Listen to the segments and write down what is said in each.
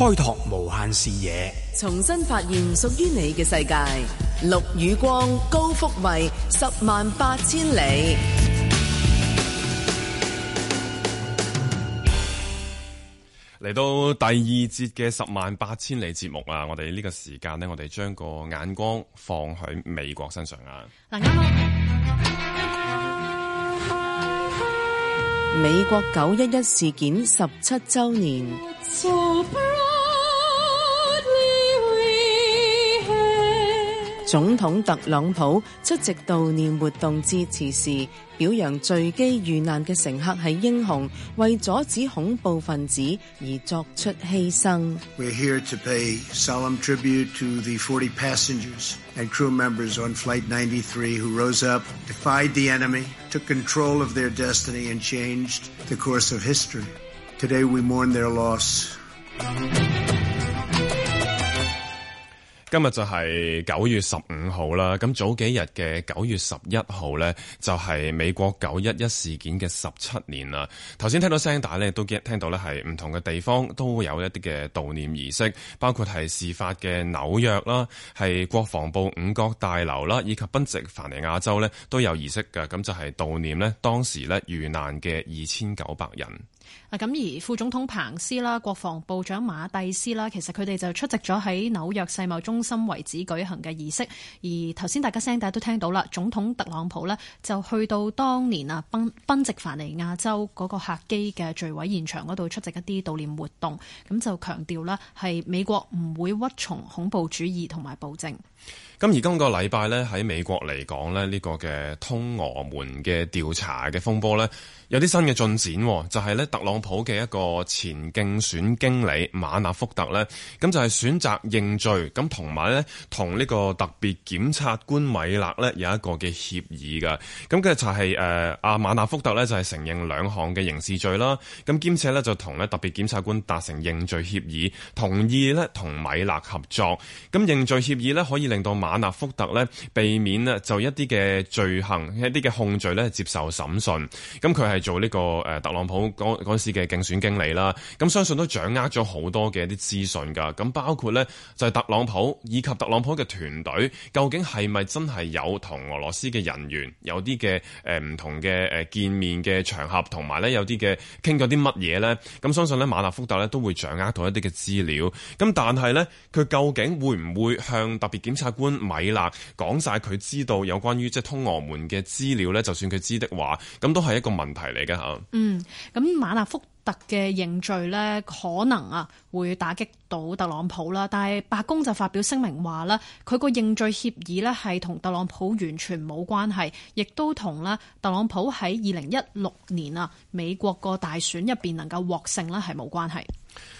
開拓無限視野，重新發現屬於你嘅世界。陸宇光，高福慧，十萬八千里。嚟到第二節嘅十萬八千里節目啊！我哋呢個時間呢，我哋將個眼光放喺美國身上啊！嗱、嗯，啱、嗯、啱、嗯、美國九一一事件十七周年。嗯總統特朗普出席悼念活動致辭時，表揚墜機遇難嘅乘客係英雄，為阻止恐怖分子而作出犧牲。We're here to pay solemn tribute to the 40 passengers and crew members on Flight 93 who rose up, defied the enemy, took control of their destiny and changed the course of history. Today we mourn their loss. 今日就係九月十五號啦。咁早幾日嘅九月十一號呢，就係美國九一一事件嘅十七年啦。頭先聽到聲帶呢，都見聽到呢係唔同嘅地方都有一啲嘅悼念儀式，包括係事發嘅紐約啦，係國防部五角大樓啦，以及賓夕凡尼亞州呢都有儀式噶。咁就係悼念呢當時呢遇難嘅二千九百人。啊！咁而副總統彭斯啦，國防部長馬蒂斯啦，其實佢哋就出席咗喺紐約世貿中心遺址舉行嘅儀式。而頭先大家聲，大家都聽到啦，總統特朗普呢就去到當年啊賓賓夕凡尼亞州嗰個客機嘅墜毀現場嗰度出席一啲悼念活動。咁就強調啦，係美國唔會屈從恐怖主義同埋暴政。咁而今個禮拜呢，喺美國嚟講呢，呢個嘅通俄門嘅調查嘅風波呢，有啲新嘅進展，就係呢特朗普嘅一個前競選經理馬納福特呢，咁就係選擇認罪，咁同埋呢，同呢個特別檢察官米勒呢有一個嘅協議嘅，咁佢就係誒阿馬納福特呢，就係承認兩項嘅刑事罪啦，咁兼且呢，就同呢特別檢察官達成認罪協議，同意呢同米勒合作，咁認罪協議呢，可以令到馬納福特咧，避免呢就一啲嘅罪行、一啲嘅控罪咧接受審訊，咁佢係做呢個誒特朗普嗰陣時嘅競選經理啦，咁相信都掌握咗好多嘅一啲資訊噶，咁包括呢，就係特朗普以及特朗普嘅團隊究竟係咪真係有同俄羅斯嘅人員有啲嘅誒唔同嘅誒見面嘅場合，同埋呢有啲嘅傾咗啲乜嘢呢？咁相信呢馬納福特呢都會掌握到一啲嘅資料，咁但係呢，佢究竟會唔會向特別檢察官米勒講晒，佢知道有關於即係通俄門嘅資料呢，就算佢知的話，咁都係一個問題嚟嘅吓。嗯，咁馬納福特嘅認罪呢，可能啊會打擊到特朗普啦。但係白宮就發表聲明話呢，佢個認罪協議呢，係同特朗普完全冇關係，亦都同啦特朗普喺二零一六年啊美國個大選入面能夠獲勝呢，係冇關係。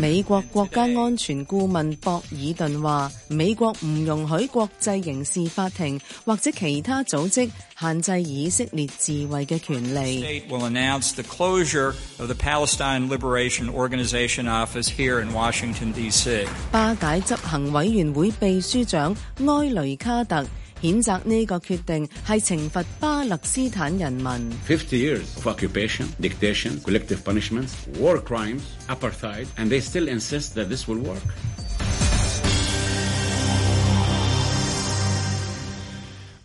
美國國家安全顧問博爾頓話：美國唔容許國際刑事法庭或者其他組織限制以色列自衛嘅權利。巴解執行委員會秘書長埃雷卡特。譴責呢個決定係懲罰巴勒斯坦人民。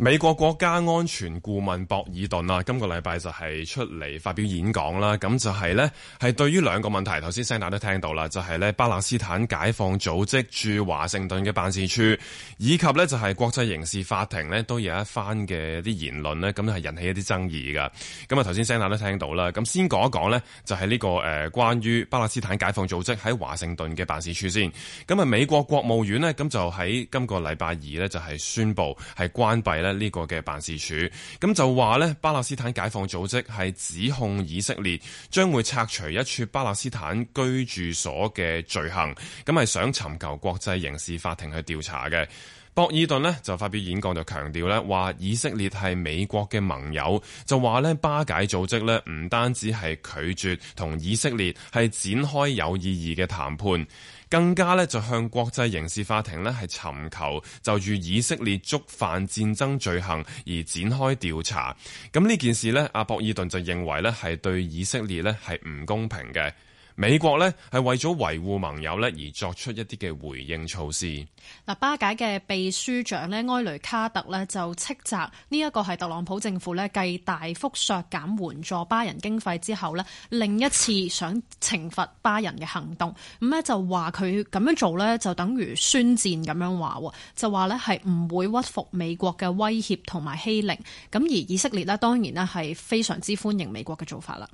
美國國家安全顧問博爾頓今個禮拜就係出嚟發表演講啦，咁就係呢，係對於兩個問題，頭先聲帶都聽到啦，就係、係、呢巴勒斯坦解放組織駐華盛頓嘅辦事處，以及呢就係國際刑事法庭呢都有一番嘅啲言論呢咁咧係引起一啲爭議㗎。咁啊頭先聲帶都聽到啦，咁先講一講呢，就係呢個關於巴勒斯坦解放組織喺華盛頓嘅辦事處先。咁啊美國國務院呢，咁就喺今個禮拜二咧就係宣布係關閉呢、這個嘅辦事處。咁就話呢，巴勒斯坦解放組織係指控以色列將會拆除一處巴勒斯坦居住所嘅罪行，咁係想尋求國際刑事法庭去調查嘅。博爾頓呢就發表演講就強調呢，話以色列係美國嘅盟友，就話呢，巴解組織呢唔單止係拒絕同以色列係展開有意義嘅談判。更加咧就向國際刑事法庭呢，係尋求就與以色列觸犯戰爭罪行而展開調查。咁呢件事呢，阿博爾頓就認為呢，係對以色列呢，係唔公平嘅。美國呢係為咗維護盟友呢而作出一啲嘅回應措施。嗱，巴解嘅秘書長呢，埃雷卡特呢就斥責呢一個係特朗普政府呢繼大幅削減援助巴人經費之後呢，另一次想懲罰巴人嘅行動。咁呢就話佢咁樣做呢就等於宣戰咁樣話，就話呢係唔會屈服美國嘅威脅同埋欺凌。咁而以色列呢當然呢係非常之歡迎美國嘅做法啦。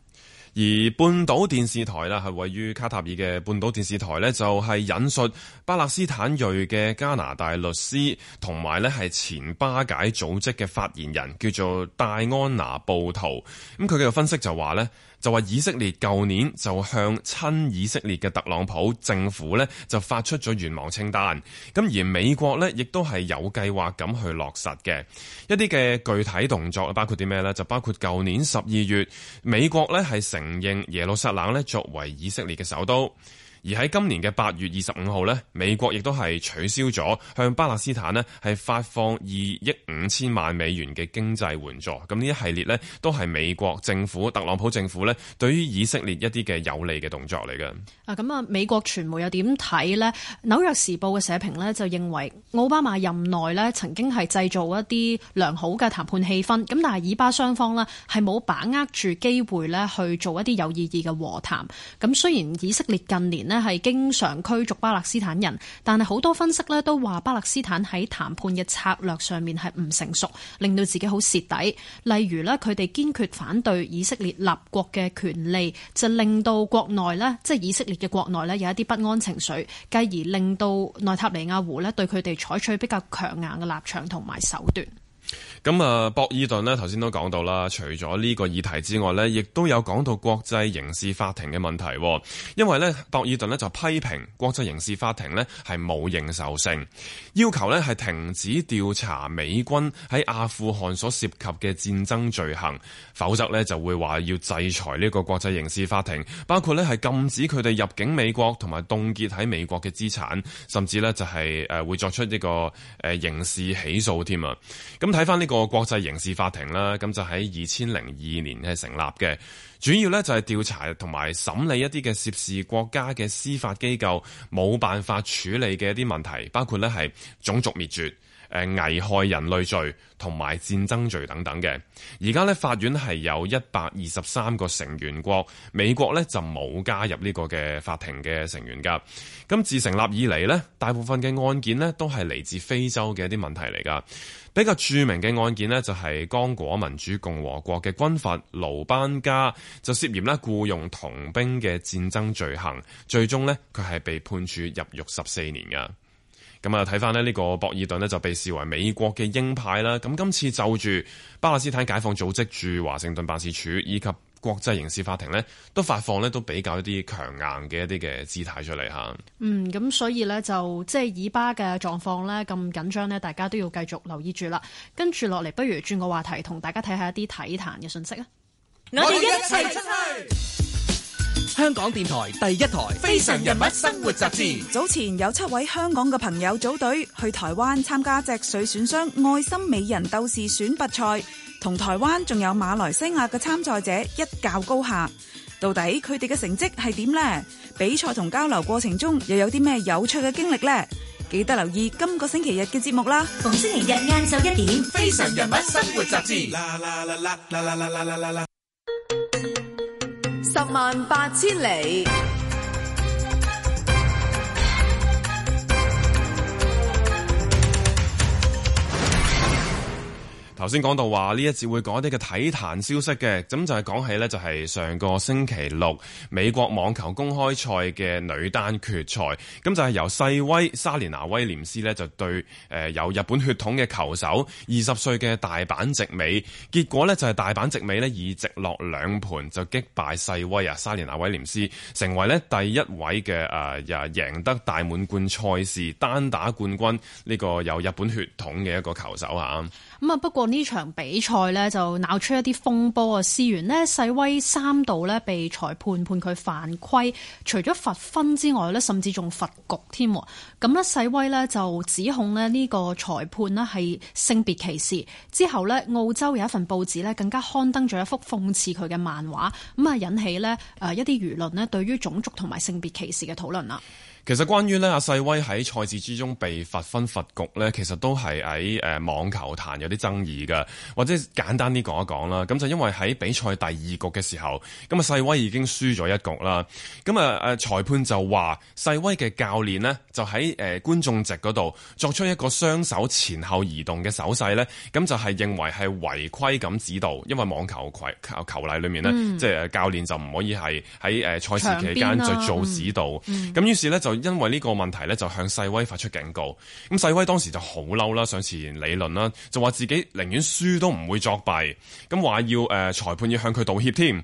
而半島電視台啦，係位於卡塔爾嘅半島電視台呢就係、是、引述巴勒斯坦裔嘅加拿大律師，同埋呢係前巴解組織嘅發言人，叫做戴安娜布圖。咁佢嘅分析就話呢。就話以色列舊年就向親以色列嘅特朗普政府呢就發出咗願望清單。咁而美國呢亦都係有計劃咁去落實嘅一啲嘅具體動作包括啲咩呢？就包括舊年十二月，美國呢係承認耶路撒冷呢作為以色列嘅首都。而喺今年嘅八月二十五號咧，美國亦都係取消咗向巴勒斯坦咧係發放二億五千萬美元嘅經濟援助。咁呢一系列咧都係美國政府特朗普政府咧對於以色列一啲嘅有利嘅動作嚟嘅。啊，咁啊，美國傳媒又點睇咧？紐約時報嘅社評咧就認為奧巴馬任內咧曾經係製造一啲良好嘅談判氣氛，咁但係以巴雙方咧係冇把握住機會咧去做一啲有意義嘅和談。咁雖然以色列近年咧係經常驅逐巴勒斯坦人，但係好多分析咧都話巴勒斯坦喺談判嘅策略上面係唔成熟，令到自己好蝕底。例如咧，佢哋堅決反對以色列立國嘅權利，就令到國內咧，即係以色列嘅國內咧有一啲不安情緒，繼而令到內塔尼亞胡咧對佢哋採取比較強硬嘅立場同埋手段。咁啊，博爾頓呢頭先都講到啦，除咗呢個議題之外呢，亦都有講到國際刑事法庭嘅問題喎。因為呢，博爾頓呢就批評國際刑事法庭呢係冇認受性，要求呢係停止調查美軍喺阿富汗所涉及嘅戰爭罪行，否則呢就會話要制裁呢個國際刑事法庭，包括呢係禁止佢哋入境美國同埋凍結喺美國嘅資產，甚至呢就係、是、誒、呃、會作出呢個誒、呃、刑事起訴添啊。咁。睇翻呢個國際刑事法庭啦，咁就喺二千零二年係成立嘅，主要呢就係調查同埋審理一啲嘅涉事國家嘅司法機構冇辦法處理嘅一啲問題，包括呢係種族滅絕。誒，危害人類罪同埋戰爭罪等等嘅，而家咧法院係有一百二十三個成員國，美國咧就冇加入呢個嘅法庭嘅成員噶。咁自成立以嚟呢，大部分嘅案件咧都係嚟自非洲嘅一啲問題嚟噶。比較著名嘅案件咧就係剛果民主共和國嘅軍閥盧班加就涉嫌咧僱用童兵嘅戰爭罪行，最終咧佢係被判處入獄十四年噶。咁啊，睇翻呢呢個博爾頓呢就被視為美國嘅鷹派啦。咁今次就住巴勒斯坦解放組織駐華盛頓辦事處以及國際刑事法庭呢，都發放呢都比較一啲強硬嘅一啲嘅姿態出嚟吓。嗯，咁所以呢，就即係以巴嘅狀況呢，咁緊張呢，大家都要繼續留意住啦。跟住落嚟，不如轉個話題，同大家睇下一啲體壇嘅信息啊。我哋一齊出去。香港電台第一台《非常人物生活雜誌》早前有七位香港嘅朋友組隊去台灣參加脊髓損傷愛心美人鬥士選拔賽，同台灣仲有馬來西亞嘅參賽者一較高下。到底佢哋嘅成績係點咧？比賽同交流過程中又有啲咩有趣嘅經歷咧？記得留意今個星期日嘅節目啦！逢星期日晏晝一點，《非常人物生活雜誌》。十萬八千里。頭先講到話呢一節會講一啲嘅體壇消息嘅，咁就係講起呢，就係、是、上個星期六美國網球公開賽嘅女單決賽，咁就係、是、由世威莎蓮娜威廉斯呢，就對誒有日本血統嘅球手二十歲嘅大阪直美，結果呢，就係大阪直美呢，以直落兩盤就擊敗世威啊莎蓮娜威廉斯，成為呢第一位嘅誒、呃、贏得大滿貫賽事單打冠軍呢、這個有日本血統嘅一個球手吓。咁啊！不過呢場比賽呢就鬧出一啲風波啊。事源呢世威三度呢被裁判判佢犯規，除咗罰分之外呢甚至仲罰局添。咁呢世威呢就指控呢呢個裁判呢係性別歧視。之後呢澳洲有一份報紙呢更加刊登咗一幅諷刺佢嘅漫畫，咁啊引起呢誒一啲輿論呢對於種族同埋性別歧視嘅討論啦。其實關於咧阿世威喺賽事之中被罰分罰局呢，其實都係喺誒網球壇有啲爭議嘅。或者簡單啲講一講啦，咁就因為喺比賽第二局嘅時候，咁啊世威已經輸咗一局啦。咁啊誒裁判就話世威嘅教練呢就喺誒觀眾席嗰度作出一個雙手前後移動嘅手勢呢，咁就係認為係違規咁指導，因為網球球例裏面呢，即係誒教練就唔可以係喺誒賽事期間就做指導。咁於、啊嗯、是咧就。因為呢個問題呢，就向世威發出警告。咁世威當時就好嬲啦，上前理論啦，就話自己寧願輸都唔會作弊。咁話要誒、呃、裁判要向佢道歉添。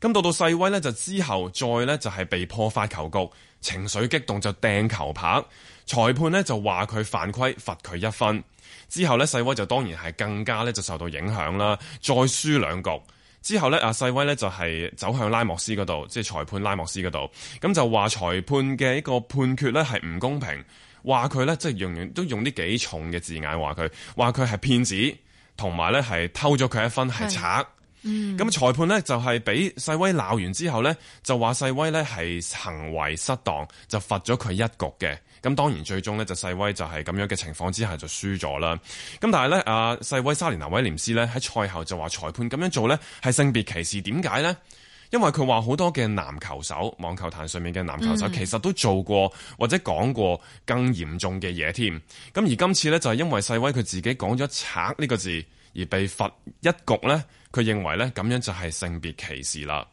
咁到到世威呢，就之後再呢，就係被破發球局，情緒激動就掟球拍，裁判呢，就話佢犯規，罰佢一分。之後呢，世威就當然係更加呢，就受到影響啦，再輸兩局。之後咧，阿細威咧就係、是、走向拉莫斯嗰度，即、就、係、是、裁判拉莫斯嗰度，咁就話裁判嘅一個判決咧係唔公平，話佢咧即係用都用啲幾重嘅字眼話佢，話佢係騙子，同埋咧係偷咗佢一分係賊。咁、嗯、裁判咧就係俾細威鬧完之後咧，就話細威咧係行為失當，就罰咗佢一局嘅。咁當然最終呢，就細威就係咁樣嘅情況之下就輸咗啦。咁但係呢，阿、啊、細威莎蓮娜威廉絲呢，喺賽後就話裁判咁樣做呢，係性別歧視，點解呢？因為佢話好多嘅男球手，網球壇上面嘅男球手其實都做過或者講過更嚴重嘅嘢添。咁、嗯、而今次呢，就係、是、因為細威佢自己講咗賊」呢、這個字而被罰一局呢，佢認為呢，咁樣就係性別歧視啦。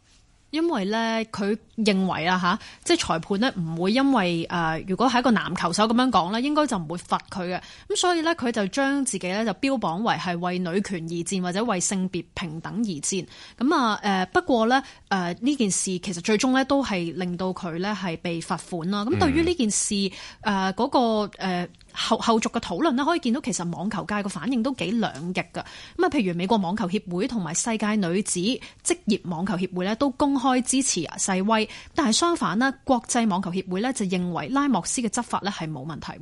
因為咧，佢認為啊，嚇，即裁判呢，唔會因為誒、呃，如果係一個男球手咁樣講咧，應該就唔會罰佢嘅。咁所以咧，佢就將自己咧就標榜為係為女權而戰，或者為性別平等而戰。咁啊誒，不過咧誒呢、呃、呢件事其實最終咧都係令到佢咧係被罰款啦。咁、嗯、對於呢件事誒嗰、呃嗰個、呃後後續嘅討論啦，可以見到其實網球界個反應都幾兩極嘅。咁啊，譬如美國網球協會同埋世界女子職業網球協會呢都公開支持細威，但係相反啦，國際網球協會呢就認為拉莫斯嘅執法呢係冇問題。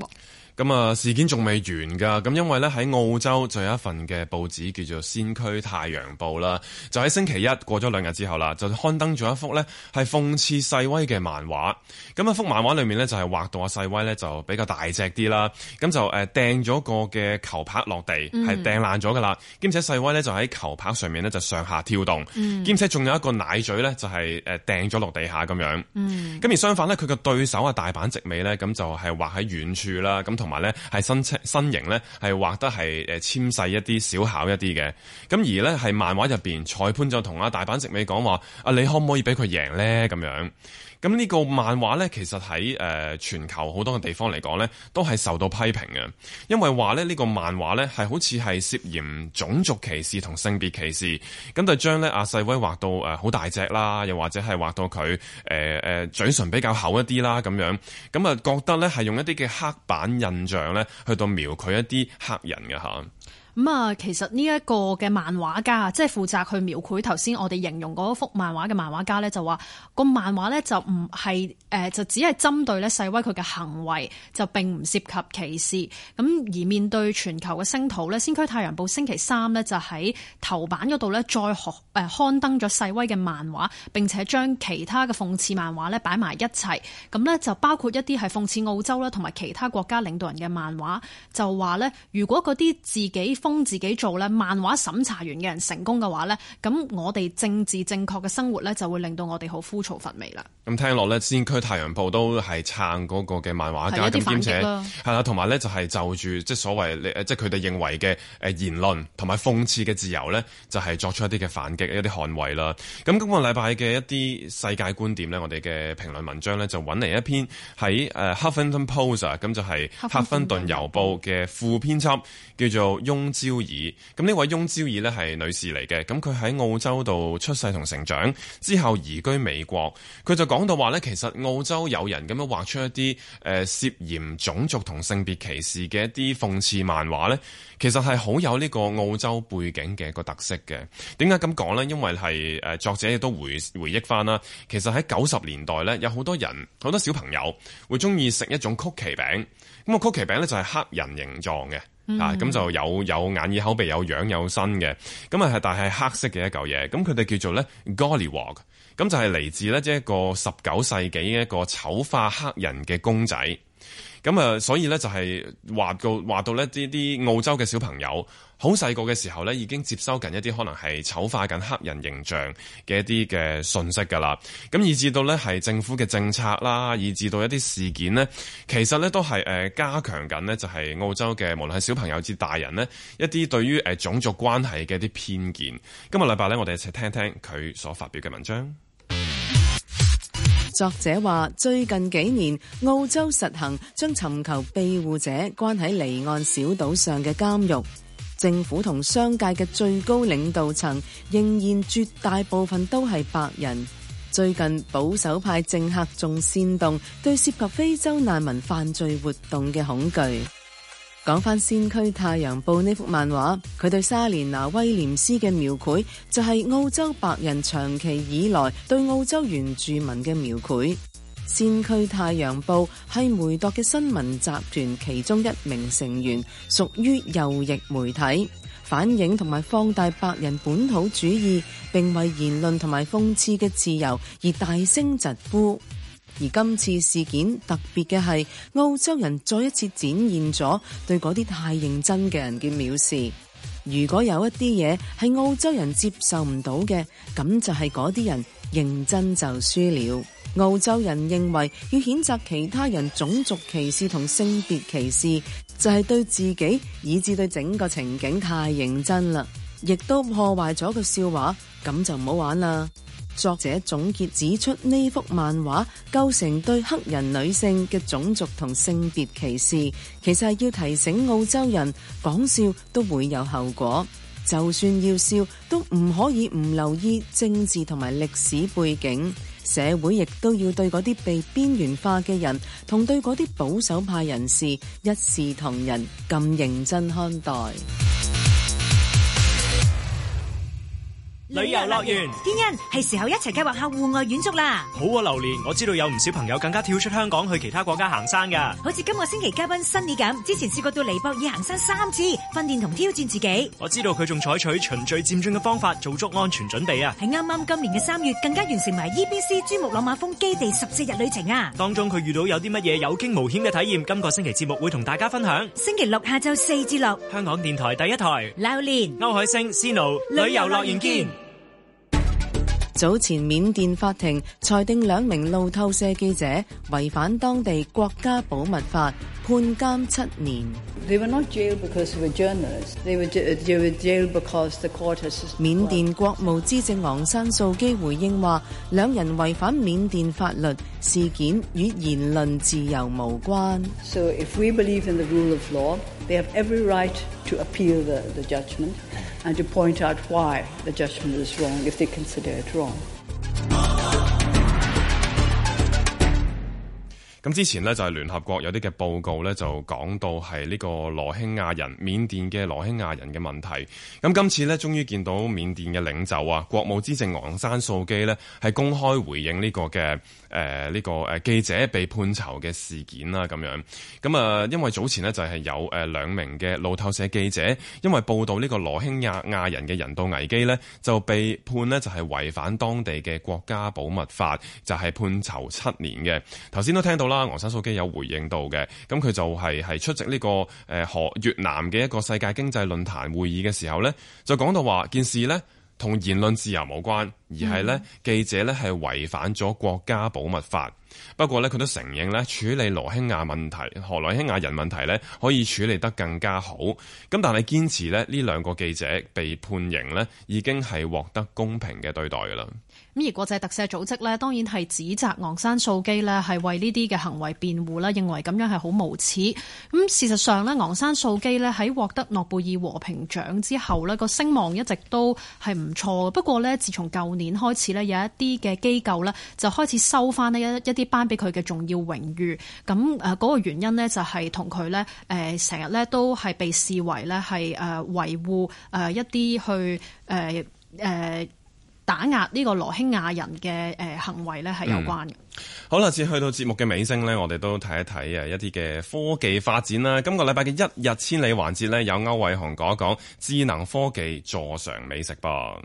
咁啊，事件仲未完噶，咁因為咧喺澳洲就有一份嘅報紙叫做《先驅太陽報》啦，就喺星期一過咗兩日之後啦，就刊登咗一幅咧係諷刺細威嘅漫畫，咁一幅漫畫裏面咧就係畫到阿細威咧就比較大隻啲啦，咁就誒掟咗個嘅球拍落地，係掟爛咗噶啦。兼且細威咧就喺球拍上面咧就上下跳動，兼、嗯、且仲有一個奶嘴咧就係誒掟咗落地下咁樣。嗯，咁而相反咧佢嘅對手啊大阪直美咧咁就係畫喺遠處啦，咁同。同埋咧係身身形咧係畫得係誒纖細一啲小巧一啲嘅，咁而咧係漫畫入邊，裁判就同阿大阪直美講話：啊，你可唔可以俾佢贏咧？咁樣，咁呢個漫畫咧，其實喺誒、呃、全球好多嘅地方嚟講咧，都係受到批評嘅，因為話咧呢、呢個漫畫咧係好似係涉嫌種族歧視同性別歧視，咁就將咧阿細威畫到誒好、呃、大隻啦，又或者係畫到佢誒誒嘴唇比較厚一啲啦，咁樣咁啊覺得咧係用一啲嘅黑板印。形象咧，去到描繪一啲黑人嘅吓。咁啊，其實呢一個嘅漫畫家啊，即係負責去描繪頭先我哋形容嗰幅漫畫嘅漫畫家咧，就話個漫畫咧就唔係誒就只係針對咧細威佢嘅行為就並唔涉及歧視，咁而面對全球嘅聲討咧，先驅太陽報星期三咧就喺頭版嗰度咧再學誒刊登咗細威嘅漫畫，並且將其他嘅諷刺漫畫咧擺埋一齊，咁咧就包括一啲係諷刺澳洲啦，同埋其他國家領導人嘅漫畫，就話咧如果嗰啲自己封。幫自己做咧漫畫審查員嘅人成功嘅話咧，咁我哋政治正確嘅生活咧就會令到我哋好枯燥乏味啦。咁聽落咧，先驅太陽報都係撐嗰個嘅漫畫家，咁兼且係啦，同埋咧就係就住即係所謂即係佢哋認為嘅誒言論同埋諷刺嘅自由咧，就係、是、作出一啲嘅反擊，一啲捍衛啦。咁今個禮拜嘅一啲世界觀點咧，我哋嘅評論文章咧就搵嚟一篇喺誒《哈芬頓 Post》咁就係《哈芬頓郵報》嘅副編輯叫做焦爾，咁呢位翁焦爾呢，係女士嚟嘅。咁佢喺澳洲度出世同成長，之後移居美國，佢就講到話呢，其實澳洲有人咁樣畫出一啲誒、呃、涉嫌種族同性別歧視嘅一啲諷刺漫畫呢，其實係好有呢個澳洲背景嘅個特色嘅。點解咁講呢？因為係誒、呃、作者亦都回回憶翻啦，其實喺九十年代呢，有好多人好多小朋友會鍾意食一種曲奇餅，咁啊曲奇餅呢，就係黑人形狀嘅。Mm -hmm. 啊，咁就有有眼耳口鼻有樣有身嘅，咁啊係，但係黑色嘅一舊嘢，咁佢哋叫做咧 Gollywog，咁就係嚟自咧即係一個十九世紀嘅一個醜化黑人嘅公仔。咁、嗯、啊，所以咧就係話到話到咧啲啲澳洲嘅小朋友好細個嘅時候咧，已經接收緊一啲可能係醜化緊黑人形象嘅一啲嘅信息噶啦，咁以至到咧係政府嘅政策啦，以至到一啲事件呢，其實咧都係誒加強緊呢，就係澳洲嘅無論係小朋友至大人呢，一啲對於誒種族關係嘅一啲偏見。今日禮拜咧，我哋一齊聽聽佢所發表嘅文章。作者話：最近幾年，澳洲實行將尋求庇護者關喺離岸小島上嘅監獄。政府同商界嘅最高領導層仍然絕大部分都係白人。最近保守派政客仲煽動對涉及非洲難民犯罪活動嘅恐懼。講翻《先驅太陽報》呢幅漫畫，佢對莎蓮娜威廉斯嘅描繪就係澳洲白人長期以來對澳洲原住民嘅描繪。《先驅太陽報》係梅鐸嘅新聞集團其中一名成員，屬於右翼媒體，反映同埋放大白人本土主義，並為言論同埋諷刺嘅自由而大聲疾呼。而今次事件特別嘅係，澳洲人再一次展現咗對嗰啲太認真嘅人嘅藐視。如果有一啲嘢係澳洲人接受唔到嘅，咁就係嗰啲人認真就輸了。澳洲人認為要譴責其他人種族歧視同性別歧視，就係對自己以至對整個情景太認真啦，亦都破壞咗個笑話，咁就唔好玩啦。作者總結指出，呢幅漫畫構成對黑人女性嘅種族同性別歧視，其實係要提醒澳洲人講笑都會有後果，就算要笑都唔可以唔留意政治同埋歷史背景，社會亦都要對嗰啲被邊緣化嘅人同對嗰啲保守派人士一視同仁，咁認真看待。旅遊樂園，天恩係時候一齊計劃下戶外遠足啦！好啊，榴蓮，我知道有唔少朋友更加跳出香港去其他國家行山㗎。好似今個星期嘉賓 Sunny 咁，之前試過到尼泊爾行山三次，訓練同挑戰自己。我知道佢仲採取循序漸進嘅方法做足安全準備啊！喺啱啱今年嘅三月，更加完成埋 EBC 珠穆朗瑪峰基地十四日旅程啊！當中佢遇到有啲乜嘢有驚無險嘅體驗，今個星期節目會同大家分享。星期六下晝四至六，香港電台第一台，榴蓮、歐海星、Snow 旅遊樂園見。早前，緬甸法庭裁定兩名路透社記者違反當地國家保密法。判監七年。緬甸國務資政昂山素姬回應話：兩人違反緬甸法律，事件與言論自由無關。So if we believe in the rule of law, they have every right to appeal the, the judgment, and to point out why the judgment is wrong, if they consider it wrong. 咁之前咧就係、是、聯合國有啲嘅報告咧就講到係呢個羅興亞人、緬甸嘅羅興亞人嘅問題，咁今次咧終於見到緬甸嘅領袖啊，國務資政昂山素姬咧係公開回應呢個嘅誒呢個誒記者被判囚嘅事件啦、啊、咁樣咁啊、呃、因為早前咧就係、是、有誒兩、呃、名嘅路透社記者因為報道呢個羅興亞亞人嘅人道危機咧就被判咧就係違反當地嘅國家保密法，就係、是、判囚七年嘅。頭先都聽到。啦，昂山素姬有回應到嘅，咁佢就係係出席呢個誒河越南嘅一個世界經濟論壇會議嘅時候呢，就講到話件事呢同言論自由冇關，而係呢記者呢係違反咗國家保密法。不過呢，佢都承認呢處理羅興亞問題，和羅興亞人問題呢可以處理得更加好。咁但係堅持呢呢兩個記者被判刑呢已經係獲得公平嘅對待噶啦。咁而國際特赦組織呢，當然係指責昂山素姬呢係為呢啲嘅行為辯護啦，認為咁樣係好無恥。咁事實上呢，昂山素姬呢喺獲得諾貝爾和平獎之後呢，個聲望一直都係唔錯嘅。不過呢，自從舊年開始呢，有一啲嘅機構呢，就開始收翻呢一一啲頒俾佢嘅重要榮譽。咁誒嗰個原因呢，就係同佢呢誒成日呢都係被視為呢係誒維護誒、呃、一啲去誒誒。呃呃打壓呢個羅興亞人嘅、呃、行為咧，係有關嘅、嗯。好啦，至去到節目嘅尾聲咧，我哋都睇一睇一啲嘅科技發展啦。今個禮拜嘅一日千里環節咧，有區煒洪講一講智能科技助嘗美食噃。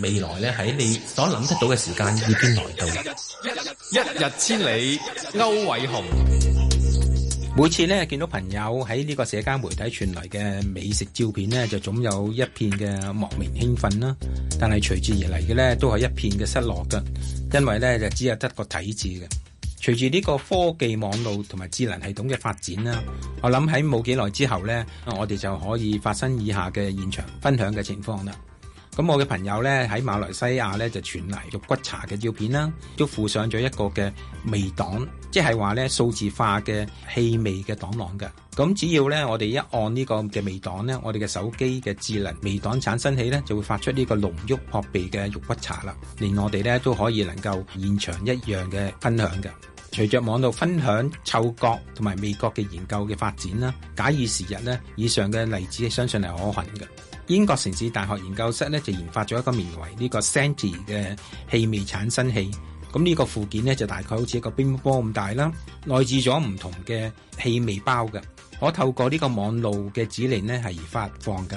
未來咧喺你所諗得到嘅時間已經來到一一一，一日千里，區煒洪。每次咧見到朋友喺呢個社交媒體傳嚟嘅美食照片呢，就總有一片嘅莫名興奮啦。但係隨之而嚟嘅呢，都係一片嘅失落㗎，因為呢就只係得個睇字嘅。隨住呢個科技網絡同埋智能系統嘅發展啦，我諗喺冇幾耐之後呢，我哋就可以發生以下嘅現場分享嘅情況啦。咁我嘅朋友咧喺馬來西亞咧就傳嚟肉骨茶嘅照片啦，都附上咗一個嘅微檔，即係話咧數字化嘅氣味嘅檔檔嘅。咁只要咧我哋一按呢個嘅微檔咧，我哋嘅手機嘅智能微檔產生器咧就會發出呢個濃郁撲鼻嘅肉骨茶啦，連我哋咧都可以能夠現場一樣嘅分享嘅。隨着網度分享嗅覺同埋味覺嘅研究嘅發展啦，假以時日咧，以上嘅例子相信係可行嘅。英國城市大學研究室咧就研發咗一個名為呢個 Scenty 嘅氣味產生器，咁呢個附件咧就大概好似一個乒乓波咁大啦，內置咗唔同嘅氣味包嘅，可透過呢個網路嘅指令咧係而發放嘅。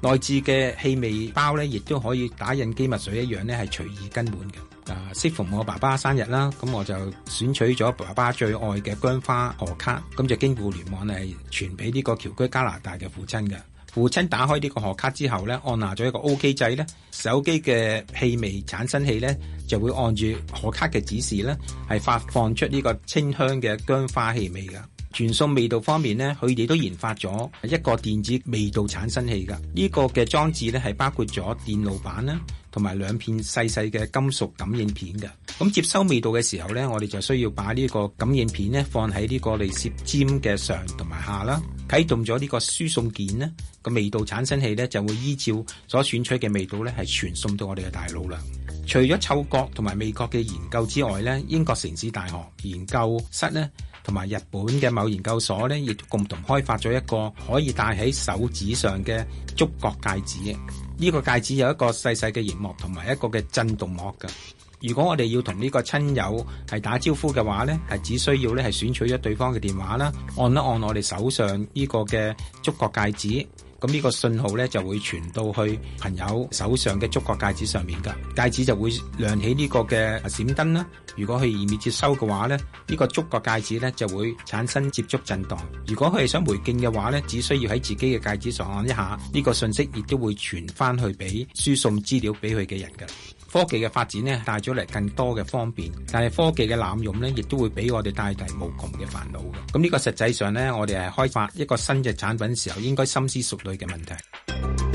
內置嘅氣味包咧亦都可以打印機墨水一樣咧係隨意更換嘅。啊，適逢我爸爸生日啦，咁我就選取咗爸爸最愛嘅薑花賀卡，咁就經互聯網係傳俾呢個僑居加拿大嘅父親嘅。父親打開呢個賀卡之後咧，按拿咗一個 OK 掣咧，手機嘅氣味產生器咧就會按住賀卡嘅指示咧，係發放出呢個清香嘅薑花氣味噶。傳送味道方面咧，佢哋都研發咗一個電子味道產生器噶。呢、呢個嘅裝置咧係包括咗電路板啦。同埋兩片細細嘅金屬感應片嘅，咁接收味道嘅時候呢，我哋就需要把呢個感應片呢放喺呢個脷尖嘅上同埋下啦，啟動咗呢個輸送件呢，個味道產生器呢就會依照所選取嘅味道呢係傳送到我哋嘅大腦啦。除咗嗅覺同埋味覺嘅研究之外呢，英國城市大學研究室呢，同埋日本嘅某研究所呢，亦都共同開發咗一個可以戴喺手指上嘅觸覺戒指。呢、個戒指有一個細細嘅熒幕同埋一個嘅震動膜㗎。如果我哋要同呢個親友係打招呼嘅話呢，係只需要呢係選取咗對方嘅電話啦，按一按我哋手上呢個嘅觸覺戒指。咁呢個信號咧就會傳到去朋友手上嘅觸覺戒指上面㗎，戒指就會亮起呢個嘅閃燈啦。如果佢耳面接收嘅話咧，呢個觸覺戒指咧就會產生接觸震盪。如果佢係想回敬嘅話咧，只需要喺自己嘅戒指上按一下，呢個訊息亦都會傳翻去俾輸送資料俾佢嘅人㗎。科技嘅發展咧帶咗嚟更多嘅方便，但係科技嘅濫用咧，亦都會俾我哋帶嚟無窮嘅煩惱。咁呢個實際上咧，我哋係開發一個新嘅產品的時候，應該深思熟慮嘅問題。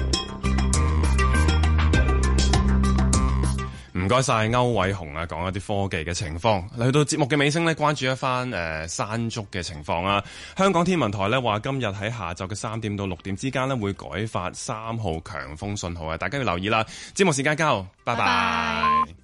唔該晒，區煒洪啊，講一啲科技嘅情況。去到節目嘅尾聲咧，關注一番誒、呃、山竹嘅情況啦。香港天文台咧話，說今日喺下晝嘅三點到六點之間咧，會改發三號強風信號啊！大家要留意啦。節目時間交，拜拜。Bye bye